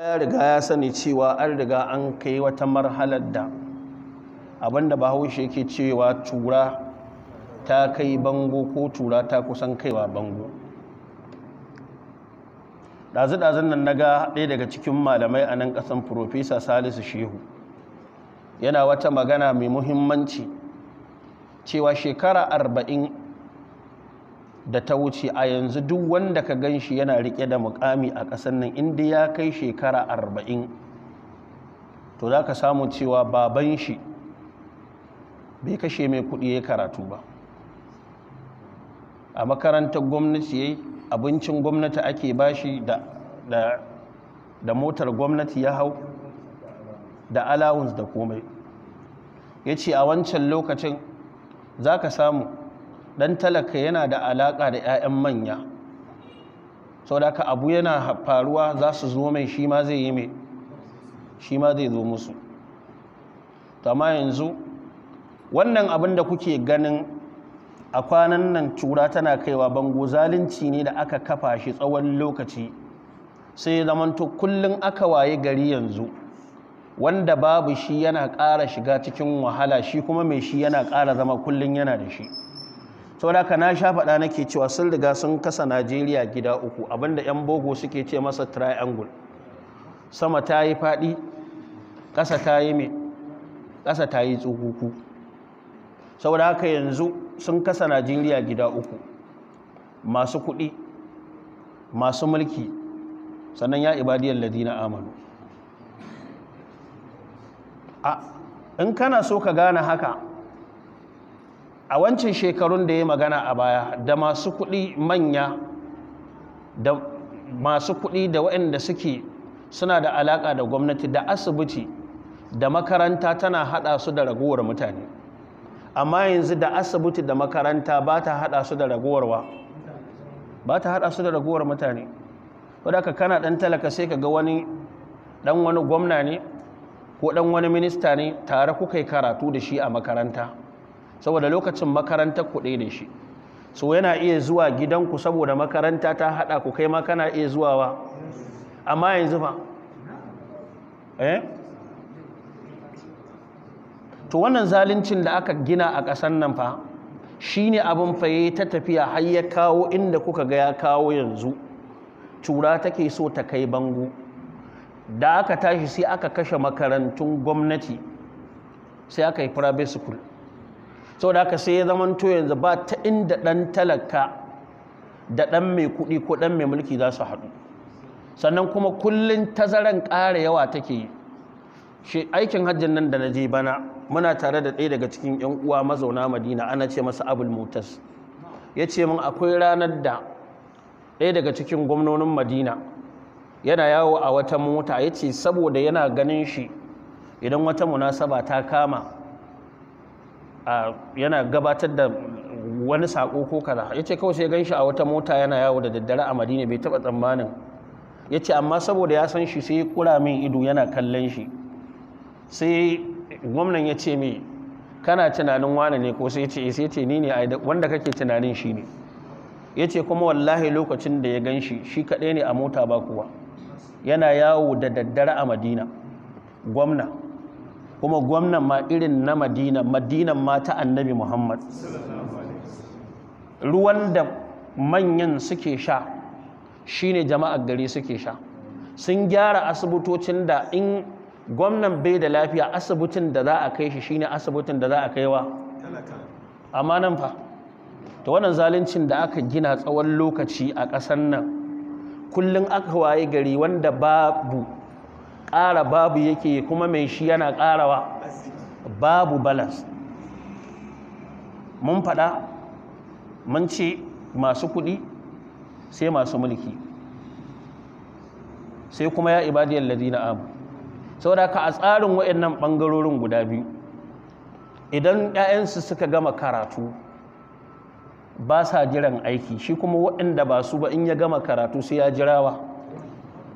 ya riga ya sani cewa an riga an kai wata marhalar da abinda bahaushe yake cewa tura ta kai bango ko tura ta kusan kaiwa bango ɗazu-ɗazun nan na ga ɗaya daga cikin malamai a nan ƙasan profesa salisu shehu yana wata magana mai muhimmanci cewa shekara arba'in da ta wuce a yanzu duk wanda ka gan shi yana riƙe da mukami a ƙasar nan inda ya kai shekara arba'in to za ka samu cewa baban shi bai kashe mai kuɗi ya karatu ba a makarantar gwamnati ya abincin gwamnati ake bashi da motar gwamnati ya hau da allowance da komai ya ce a wancan lokacin za ka samu dan talaka yana da alaƙa da 'ya'yan manya sau da ka abu yana faruwa za su zo mai shi ma zai yi mai shi ma zai zo musu tama yanzu wannan abin da kuke ganin a kwanan nan tura tana kaiwa bango zalunci ne da aka kafa shi tsawon lokaci sai ya zamanto kullum aka waye gari yanzu wanda babu shi yana ƙara shiga cikin wahala shi kuma mai shi yana ƙara zama kullum yana da shi saboda ka na sha faɗa nake cewa sun riga sun kasa najeriya gida uku abinda 'yan bogo suke ce masa triangle sama ta yi faɗi ƙasa ta yi mai ƙasa ta yi tsukuku saboda haka yanzu sun kasa najeriya gida uku masu kuɗi masu mulki sannan ya ibadiyar ladina amanu a in kana so ka gane haka a wancan shekarun da ya magana a baya da masu kuɗi manya da masu kuɗi da waɗanda suke suna da alaƙa da gwamnati da asibiti da makaranta tana haɗa su da ragowar mutane amma yanzu da asibiti da makaranta ba ta haɗa su da ragowarwa ba ta haɗa su da ragowar mutane wadaka kana ɗan talaka sai ka ga wani ɗan wani gwamna ne ko ɗan wani minista ne tare kuka yi karatu da shi a makaranta saboda lokacin makarantar kuɗe ne shi so yana iya zuwa gidanku saboda makaranta ta haɗa ku kai ma iya zuwa wa amma yanzu fa eh to wannan zaluncin da aka gina a ƙasar nan fa shi ne abin faye ta tafiya har ya kawo inda kuka ga ya kawo yanzu tura take so ta kai bango da aka tashi sai aka kashe makarantun gwamnati sai aka yi private school sau da aka sai ya zamanto yanzu ba ta inda ɗan talaka da ɗan mai kuɗi ko dan mai mulki za su haɗu sannan kuma kullum tazaran ƙara yawa take yi shi aikin hajjin nan da na je bana muna tare da ɗaya daga cikin 'yan uwa mazauna madina ana ce masa abul motas ya ce min akwai ranar da ɗaya daga cikin gwamnonin madina yana yawo a wata mota ya ce saboda yana ganin shi idan wata munasaba ta kama yana gabatar da wani sako ko kaza ya ce kawai sai gan shi a wata mota yana yawo da daddare a madina bai taɓa tsammanin ya ce amma saboda ya san shi sai ya kura min ido yana kallon shi sai gwamnan ya ce mai kana tunanin wane ne ko sai ce eh, sai ce ni ne wanda kake tunanin shi ne ya ce kuma wallahi lokacin da ya gan shi shi kaɗai ne a mota ba kuwa yana yawo da daddare a madina gwamna kuma gwamnan ma irin na madina madinan ma ta annabi muhammad ruwan da manyan suke sha shine jama'ar gari suke sha sun gyara asibitocin da in gwamnan bai da lafiya asibitin da za a kai shi shine asibitin da za a kai wa amma nan fa ta wannan zaluncin da aka gina tsawon lokaci a ƙasar nan kullum aka waye gari wanda babu ƙara babu yake kuma mai shi yana ƙarawa babu balas mun faɗa mun ce masu kuɗi sai masu mulki sai kuma ya ibadiyar ladina amu da ka a tsarin waɗannan ɓangarorin guda biyu idan 'ya'yansu suka gama karatu ba sa jiran aiki shi kuma waɗanda ba su ba in ya gama karatu sai ya jirawa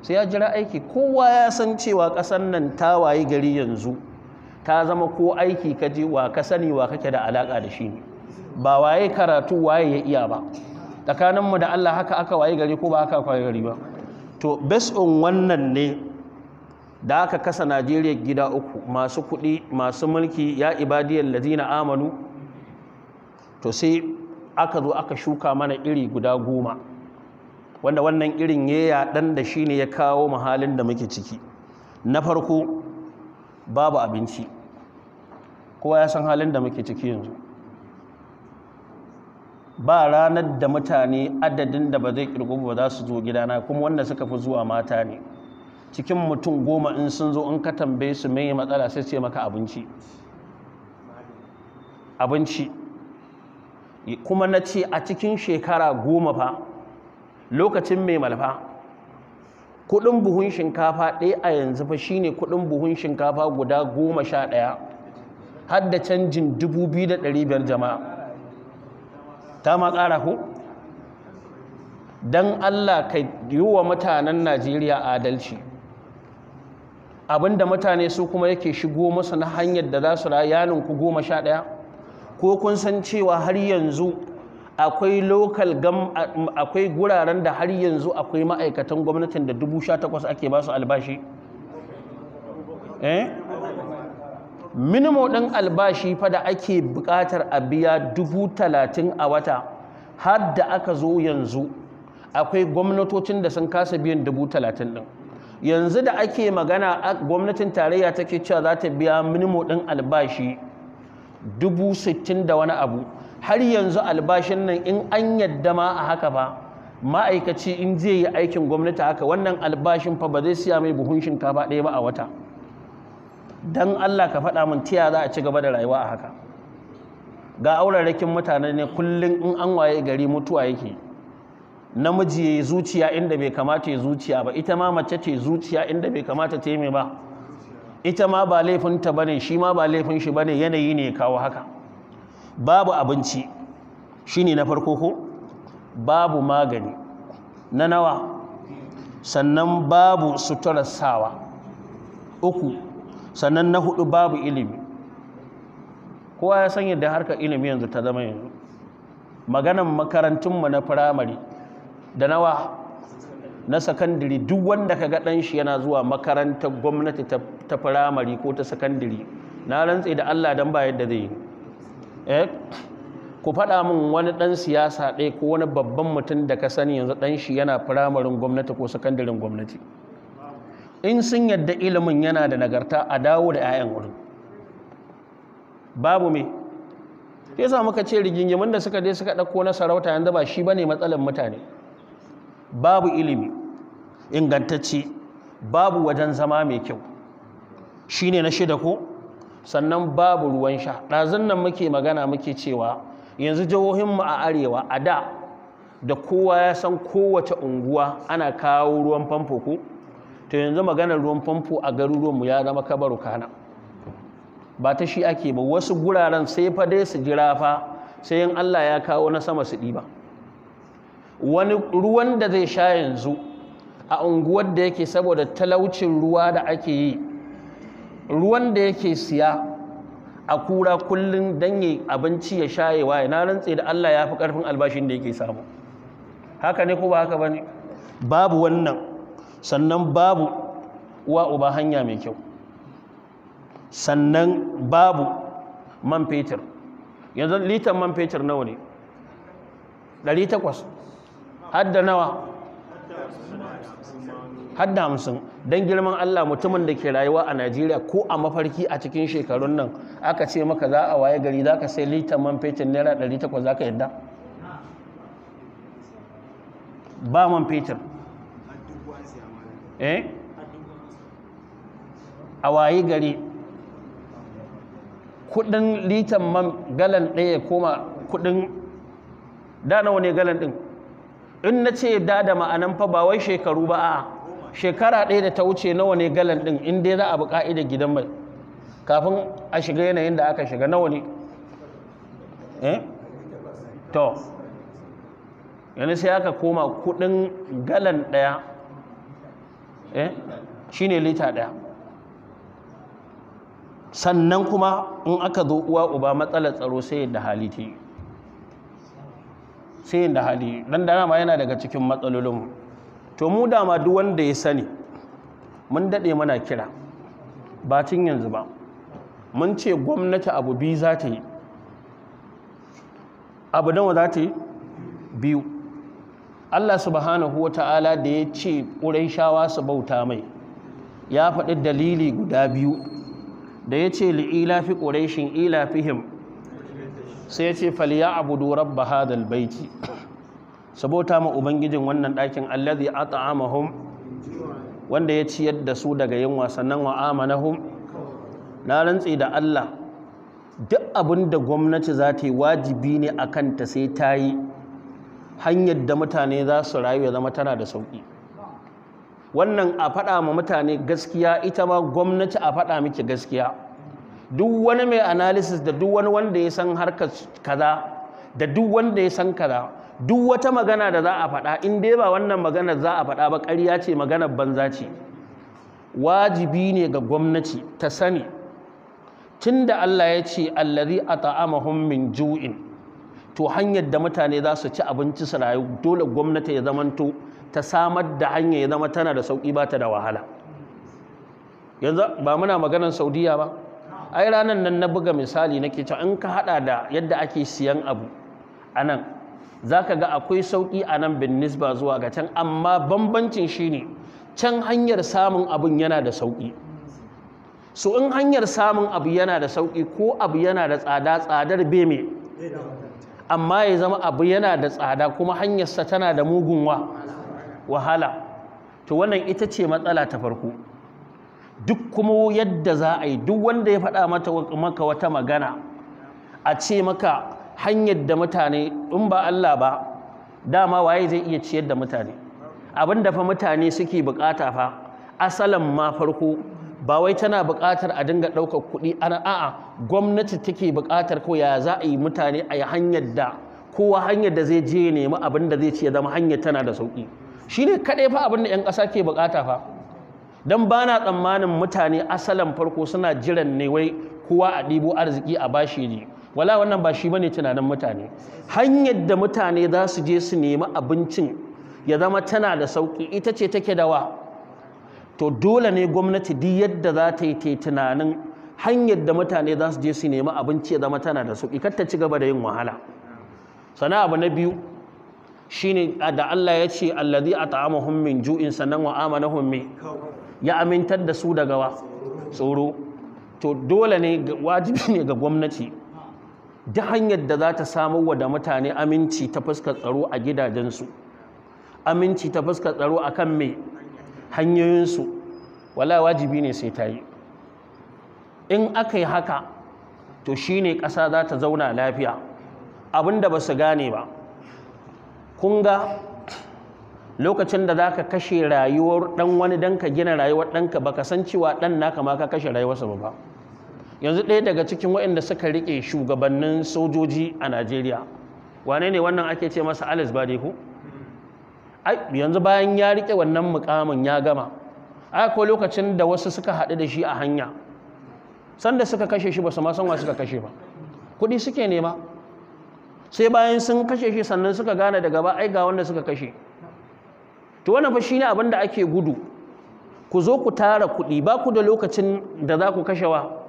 sai ya jira aiki kowa ya san cewa ƙasar nan ta wayi gari yanzu ta zama ko aiki ka je wa ka sani wa kake da alaka da shi ba waye karatu waye ya iya ba tsakaninmu da Allah haka aka waye gari ko ba haka kwaye gari ba to based on wannan ne da aka kasa Najeriya gida uku masu kuɗi masu mulki ya ibadiyar lazina amanu to sai aka zo aka shuka mana iri guda goma wanda wannan irin ya yaɗan da shi ne ya kawo mahalin da muke ciki na farko babu abinci kowa ya san halin da muke ciki yanzu ba ranar da mutane adadin da ba zai kirgu ba za su zo gidana kuma wanda suka fi zuwa mata ne cikin mutum goma in sun zo in ka tambaye su mai matsala sai ce maka abinci abinci kuma na ce a cikin shekara goma fa lokacin mai malafa, kudin buhun shinkafa ɗaya a yanzu fa shine kudin buhun shinkafa guda goma sha ɗaya har da canjin dubu biyu da ɗari biyar jama'a ta ma ƙara ku don allah ka yi wa mutanen najeriya adalci abinda mutane su kuma yake shigo masu na hanyar da za su rayanin ku goma sha ɗaya ko kun san cewa har yanzu akwai local akwai guraren da har yanzu akwai ma'aikatan gwamnatin da dubu ake ba su albashi eh minimo ɗin albashi fa da ake buƙatar a biya dubu a wata har da aka zo yanzu akwai gwamnatocin da sun kasa biyan dubu talatin ɗin yanzu da ake magana a gwamnatin tarayya take cewa za ta biya minimo ɗin albashi dubu da wani abu har yanzu albashin nan in an yadda ma a haka ba ma'aikaci in zai yi aikin gwamnati haka wannan albashin fa ba zai siya mai buhun shinkafa ɗaya ba a wata don Allah ka faɗa min tiya za a ci gaba da rayuwa a haka ga aurarakin mutane ne kullum in an waye gari mutuwa yake namiji ya yi zuciya inda bai kamata ya zuciya ba ita ma mace ce zuciya inda bai kamata ta yi mai ba ita ma ba laifinta ba ne shi ma ba laifin shi ba ne yanayi ne ya kawo haka babu abinci shine na farko ko babu magani na nawa sannan babu suturar sawa uku sannan na hudu babu ilimi kowa ya san yadda harkar ilimi yanzu ta zama yanzu maganan makarantunmu na firamare da nawa na sakandiri duk wanda ka ga shi yana zuwa makarantar gwamnati ta firamare ko ta sakandiri na rantse da Allah don ba yadda zai yi Eh? ku faɗa min wani ɗan siyasa ɗaya ko wani babban mutum da ka sani yanzu ɗan shi yana firamarin gwamnati ko sakandarin gwamnati in sun yadda ilimin yana da nagarta a dawo da 'ya'yan wurin babu me ya sa muka ce rigingimin da suka je suka ɗauko na sarauta yanzu ba shi ba ne matsalar mutane babu ilimi ingantacce babu wajen zama mai kyau Shi ne na shida ko sannan babu ruwan sha ɗazun nan muke magana muke cewa yanzu jihohinmu a arewa a da da kowa ya san kowace unguwa ana kawo ruwan famfo ko to yanzu maganar ruwan famfo a garuruwanmu ya zama kabaru kana ba ta shi ake ba wasu guraren sai fa dai su jira fa sai in Allah ya kawo na sama su ɗiba wani ruwan da zai sha yanzu a unguwar da yake saboda talaucin ruwa da ake yi ruwan da yake siya a kura kullum don yi abinci ya shaye waye na rantse da Allah ya fi ƙarfin albashin da yake samu haka ne ko ba haka ba ne babu wannan sannan babu wa uba hanya mai kyau sannan babu man fetur yanzu litan man fetur nawa ne 800 hadda nawa Hadda hamsin don girman Allah mutumin da ke rayuwa a Najeriya ko a mafarki a cikin shekarun nan aka ce maka za a waye gari za ka sai litan man fetur naira 800 za ka yadda ba man fetur eh a waye gari kudin litan man galan ɗaya koma kudin da nawa ne galan ɗin in na ce da da ma'anan fa ba wai shekaru ba a'a shekara ɗaya da ta wuce nawa ne galan ɗin in dai za a bi ka'ida gidan mai kafin a shiga yanayin da aka shiga nawa ne eh? to yanzu sai aka koma kuɗin galan ɗaya eh? shi ne lita ɗaya sannan kuma in aka zo uwa uba matsalar tsaro sai yadda hali ta yi sai yadda hali don ma yana daga cikin matsalolinmu to mu dama duk wanda ya sani mun dade mana kira batun yanzu ba mun ce gwamnati abu biyu za ta yi abu nawa za ta yi biyu Allah subhanahu wa ta'ala da ya ce shawa su bauta mai ya faɗi dalili guda biyu da ya ce li'ilafi ƙureshin ilafihim sai ya ce faliya abu durar bahadal baiti sabota ma ubangijin wannan ɗakin allazi at'amahum wanda ya ciyar da su daga yin sannan wa amanahum na rantsi da Allah duk abin da gwamnati za ta yi wajibi ne a kanta sai ta yi hanyar da mutane za su rayu ya zama tana da sauƙi wannan a faɗa ma mutane gaskiya ita ma gwamnati a faɗa miki gaskiya duk wani mai analysis da duk wani wanda ya san harkar kaza da duk wanda ya san kaza duk wata magana da za a faɗa in dai ba wannan maganar za a faɗa ba ƙarya ce maganar banza ce wajibi ne ga gwamnati ta sani Tun da Allah ya ce allazi ta'a min ju'in to hanyar da mutane za su ci abinci su rayu dole gwamnati ya zamanto ta samar da hanyar ya zama tana da sauƙi ba ta da wahala yanzu ba muna maganar Saudiya ba ai ranar nan na buga misali nake cewa in ka hada da yadda ake siyan abu a nan. za ka ga akwai sauƙi a nan bin nisba zuwa ga can amma bambancin shi ne can hanyar samun abin yana da sauƙi so in hanyar samun abu yana da sauƙi ko abu yana da tsada tsadar beme amma ya zama abu yana da tsada kuma hanyarsa tana da mugun wahala to wannan ita ce matsala ta farko duk kuma yadda za a yi duk wanda ya faɗa mata maka wata magana a ce maka hanyar da mutane in ba Allah ba dama waye zai iya ciyar da mutane abin da fa mutane suke bukata fa asalan ma farko ba wai tana bukatar a dinga ɗaukar kuɗi ana a'a gwamnati take bukatar ko ya za a yi mutane a yi hanyar da kowa hanyar da zai je nemi abin da zai ci ya zama hanyar tana da sauƙi shine kaɗai fa abin da 'yan ƙasa ke bukata fa don bana tsammanin mutane asalan farko suna jiran ne wai kowa a ɗibo arziki a bashi ne wala wannan ba shi bane tunanin mutane hanyar da mutane za su je su nemi abincin ya zama tana da sauki ita ce take da wa to dole ne gwamnati duk yadda za ta yi ta tunanin hanyar da mutane za su je su nemi abinci ya zama tana da sauki kar ta ci gaba da yin wahala sana abu na biyu shine da Allah ya ce allazi at'amahum min ju'in sanan wa amanahum min ya amintar da su daga wa tsoro to dole ne wajibi ne ga gwamnati duk hanyar da za ta samu wa da mutane aminci ta fuskar tsaro a gidajensu aminci ta fuskar tsaro a kan mai hanyoyinsu wala wajibi ne sai ta yi in aka yi haka to shi ne ƙasa za ta zauna lafiya abinda ba su gane ba kun ga lokacin da za ka kashe rayuwar ɗan wani don ka gina rayuwar ɗanka ba ka san cewa ɗan naka ma ka kashe rayuwarsa ba ba yanzu ɗaya daga cikin waɗanda suka riƙe shugabannin sojoji a najeriya wane ne wannan ake ce masa alice Ai, yanzu bayan ya riƙe wannan mukamin ya gama ko lokacin da wasu suka haɗu da shi a hanya sanda suka kashe shi ba su masan suka kashe ba kuɗi suke nema sai bayan sun kashe shi sannan suka gane daga ba ai ga wanda suka kashe to wannan fa shine abin da ake gudu ku zo ku tara kuɗi ba ku da lokacin da za ku kashe wa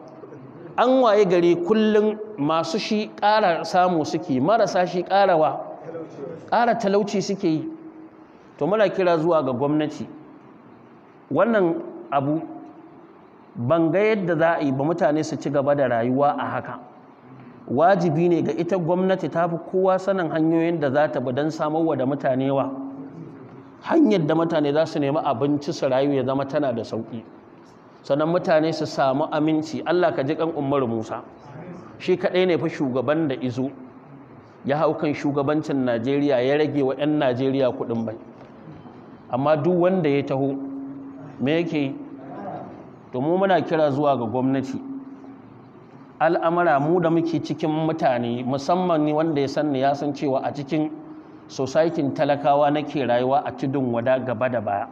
an waye gari kullum masu shi ƙara samu suke marasa shi ƙarawa ƙara talauci suke yi to muna kira zuwa ga gwamnati wannan abu ban ga yadda za a yi ba mutane su ci gaba da rayuwa a haka wajibi ne ga ita gwamnati ta fi kowa sanin hanyoyin da za ta bi don samarwa da mutane wa hanyar da mutane za su nemi abinci su rayu ya zama tana da sauƙi sannan mutane su samu aminci Allah ka ji kan Umar Musa shi kaɗai ne fa shugaban da izo ya hau kan shugabancin Najeriya ya rage wa 'yan Najeriya kuɗin bai amma duk wanda ya taho me yake to mu muna kira zuwa ga gwamnati al'amara mu da muke cikin mutane musamman ni wanda ya sanni ya san cewa a cikin society talakawa nake rayuwa a tudun wada gaba da baya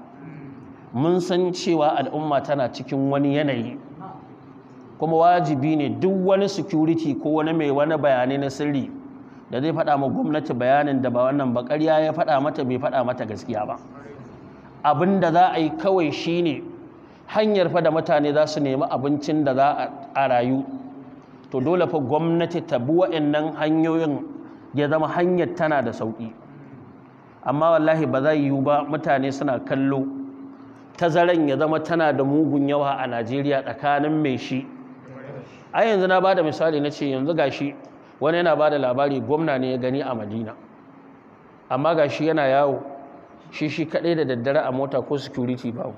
mun san cewa al'umma tana cikin wani yanayi kuma wajibi ne duk wani security ko wani mai wani bayanai na sirri da zai faɗa ma gwamnati bayanin da ba wannan ba ƙarya ya faɗa mata bai faɗa mata gaskiya ba abin da za a yi kawai shi ne hanyar fa da mutane za su nemi abincin da za a rayu to dole fa gwamnati ta bi waɗannan hanyoyin ya zama hanyar tana da sauƙi amma wallahi ba zai yiwu ba mutane suna kallo tazaran ya zama tana da mugun yawa a najeriya tsakanin mai shi a yanzu na bada misali na ce yanzu gashi wani yana ba da labari gwamna ne ya gani a madina amma gashi yana yawo shi shi kaɗai da daddare a mota ko security ba.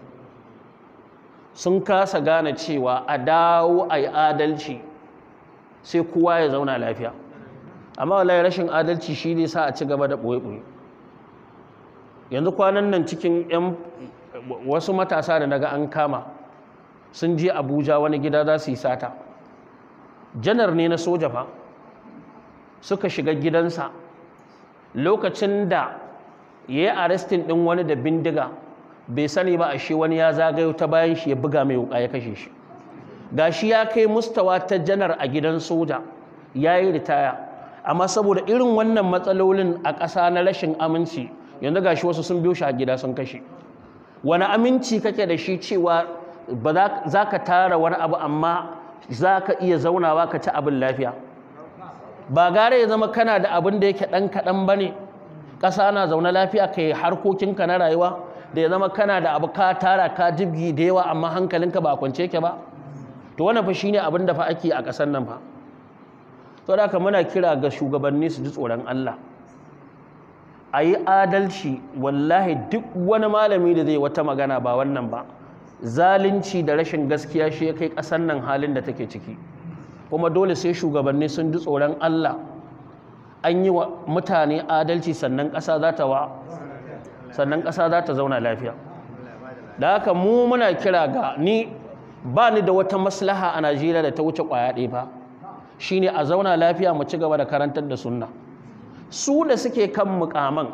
sun kasa gane cewa a dawo a yi adalci sai kowa ya zauna lafiya amma wallahi rashin adalci shi ne sa a ci gaba da ɓoye-ɓoye yanzu kwanan nan cikin 'yan wasu matasa da naga an kama sun je abuja wani gida za su yi sata janar ne na soja fa suka shiga gidansa lokacin da ya yi arestin ɗin wani da bindiga bai sani ba a shi wani ya zagayo ta bayan shi ya buga mai wuka ya kashe shi ga shi ya kai mustawa ta janar a gidan soja ya yi ritaya amma saboda irin wannan matsalolin a ƙasa na rashin aminci yanzu ga shi wasu sun biyo shi a gida sun kashe wani aminci kake da shi cewa ba za ka tara wani abu amma za ka iya zaunawa ka ci abin lafiya ba gara ya zama kana da abin da yake ɗan kaɗan ba ne ƙasa na zaune lafiya ka yi harkokinka na rayuwa da ya zama kana da abu ka tara ka jibgi da yawa amma hankalinka ba a kwance ke ba to wannan fa ne abin da fa ake a ƙasar nan fa to da haka muna kira ga shugabanni su ji tsoron Allah a yi adalci wallahi duk wani malami da zai wata magana ba wannan ba zalunci da rashin gaskiya shi ya kai ƙasar nan halin da take ciki kuma dole sai shugabanni sun ji tsoron Allah an yi wa mutane adalci sannan ƙasa za ta wa sannan ƙasa za ta zauna lafiya da haka mu muna kira ga ni ba ni da wata maslaha a Najeriya da ta wuce ƙwaya ɗaya ba shine a zauna lafiya mu ci gaba da karantar da sunna su da suke kan mukaman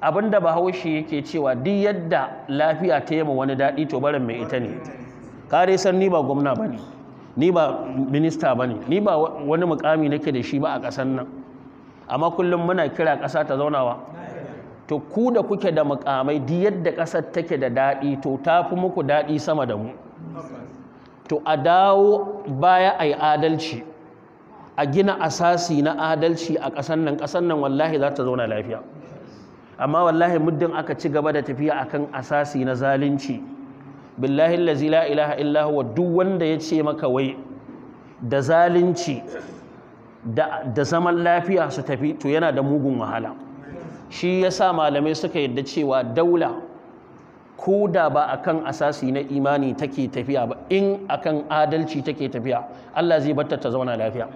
abinda bahaushe yake cewa duk yadda lafiya ta yi wani daɗi to barin mai ita ne kare san ni ba gwamna ba ne ni ba minista ba ne ni ba wani mukami nake da shi ba a ƙasar nan amma kullum muna kira ƙasa ta zaunawa to ku da kuke da mukamai duk yadda ƙasar take da daɗi to ta fi muku daɗi sama da mu to a dawo baya a adalci a gina asasi na adalci a ƙasar nan ƙasar nan wallahi za ta zauna lafiya amma wallahi muddin aka ci gaba da tafiya akan asasi na zalunci billahi allazi la ilaha illa huwa duk wanda ya ce maka wai da zalunci da zaman lafiya su tafi to yana da mugun wahala shi yasa malamai suka yadda cewa daula ko da ba akan asasi na imani take tafiya ba in akan adalci take tafiya Allah zai batta ta zauna lafiya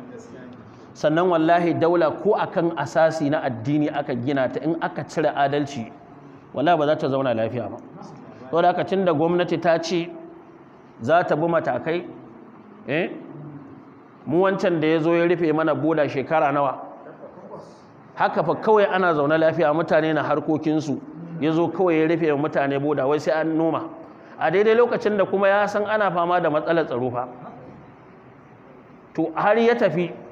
sannan wallahi daula ko akan asasi na addini aka gina ta in aka cire adalci wallahi ba za ta zauna lafiya ba saboda haka tunda gwamnati ta ce za ta bi matakai eh mu wancan da ya zo ya rufe mana boda shekara nawa haka fa kawai ana zauna lafiya mutane na harkokinsu ya zo kawai ya rufe mutane boda wai sai an noma a daidai lokacin da kuma ya san ana fama da matsalar tsaro fa to har ya tafi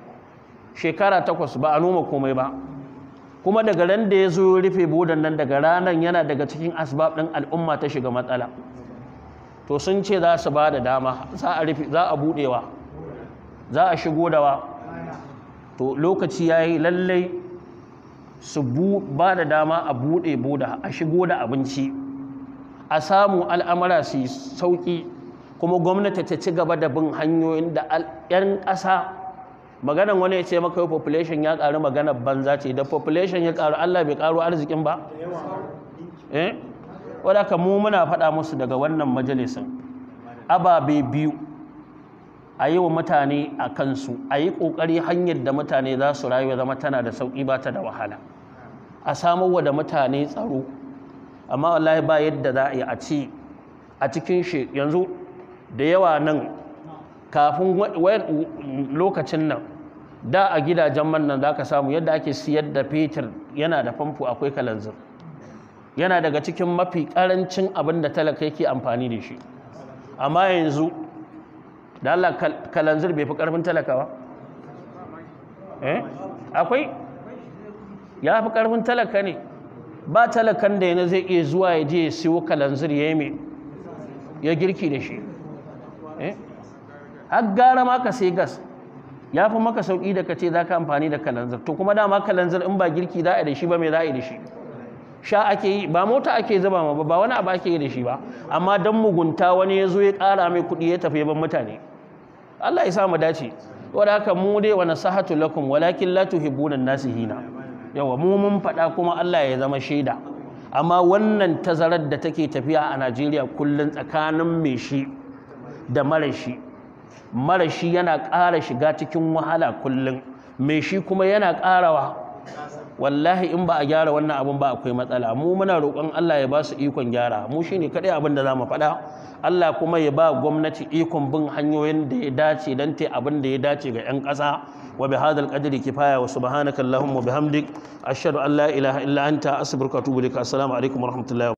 shekara takwas ba a noma komai ba kuma daga ran da ya zo ya rufe bodan nan daga ranar yana daga cikin asbab ɗin al'umma ta shiga matsala to sun ce za su ba da dama za a rufe za a buɗewa za a shigo da wa to lokaci ya yi lallai su ba da dama a buɗe boda a shigo da abinci a samu al'amara su yi sauƙi kuma gwamnati ta ci gaba da bin hanyoyin da 'yan ƙasa maganan wani ya ce maka population ya karu maganar banza ce da population ya karu Allah bai karu arzikin ba eh wadaka mu muna faɗa musu daga wannan majalisun. ababe biyu a yi wa mutane a kansu a yi ƙoƙari hanyar da mutane za su rayu zama tana da sauƙi ba ta da wahala a samar wa da mutane tsaro amma wallahi ba yadda za a yi a ci a cikin shi yanzu da yawa nan kafin lokacin nan da a gidajen man nan zaka samu yadda ake siyar da fetur yana da famfo akwai kalanzir yana daga cikin mafi karancin abin da talaka yake amfani da shi amma yanzu da Allah kalanzir bai fi karfin talaka ba eh akwai ya fi karfin talaka ne ba talakan da yana zai iya zuwa ya je ya siyo kalanzir ya yi ya girki da shi eh har gara ma ka sai gas ya fi maka sauƙi da ka ce za ka amfani da kalanzir to kuma dama kalanzir in ba girki za a yi da shi ba mai za a yi da shi sha ake yi ba mota ake zuba ma ba wani abu ake yi da shi ba amma dan mugunta wani ya zo ya ƙara mai kuɗi ya tafi ban mutane Allah ya sa mu dace wanda haka mu dai wa nasahatu lakum walakin la tuhibbuna hina yawa mu mun faɗa kuma Allah ya zama shaida amma wannan tazarar da take tafiya a Najeriya kullum tsakanin mai shi da mara shi mara shi yana ƙara shiga cikin wahala kullum mai shi kuma yana ƙarawa wallahi in ba a gyara wannan abin ba akwai matsala mu muna roƙon Allah ya ba su ikon gyara mu shine kadai abin da mu faɗa Allah kuma ya ba gwamnati ikon bin hanyoyin da ya dace don ta abin da ya dace ga 'yan ƙasa wa bi hadal qadri kifaya wa subhanakallahumma bihamdik ashhadu an la ilaha illa anta astaghfiruka wa atubu ilaik wa rahmatullahi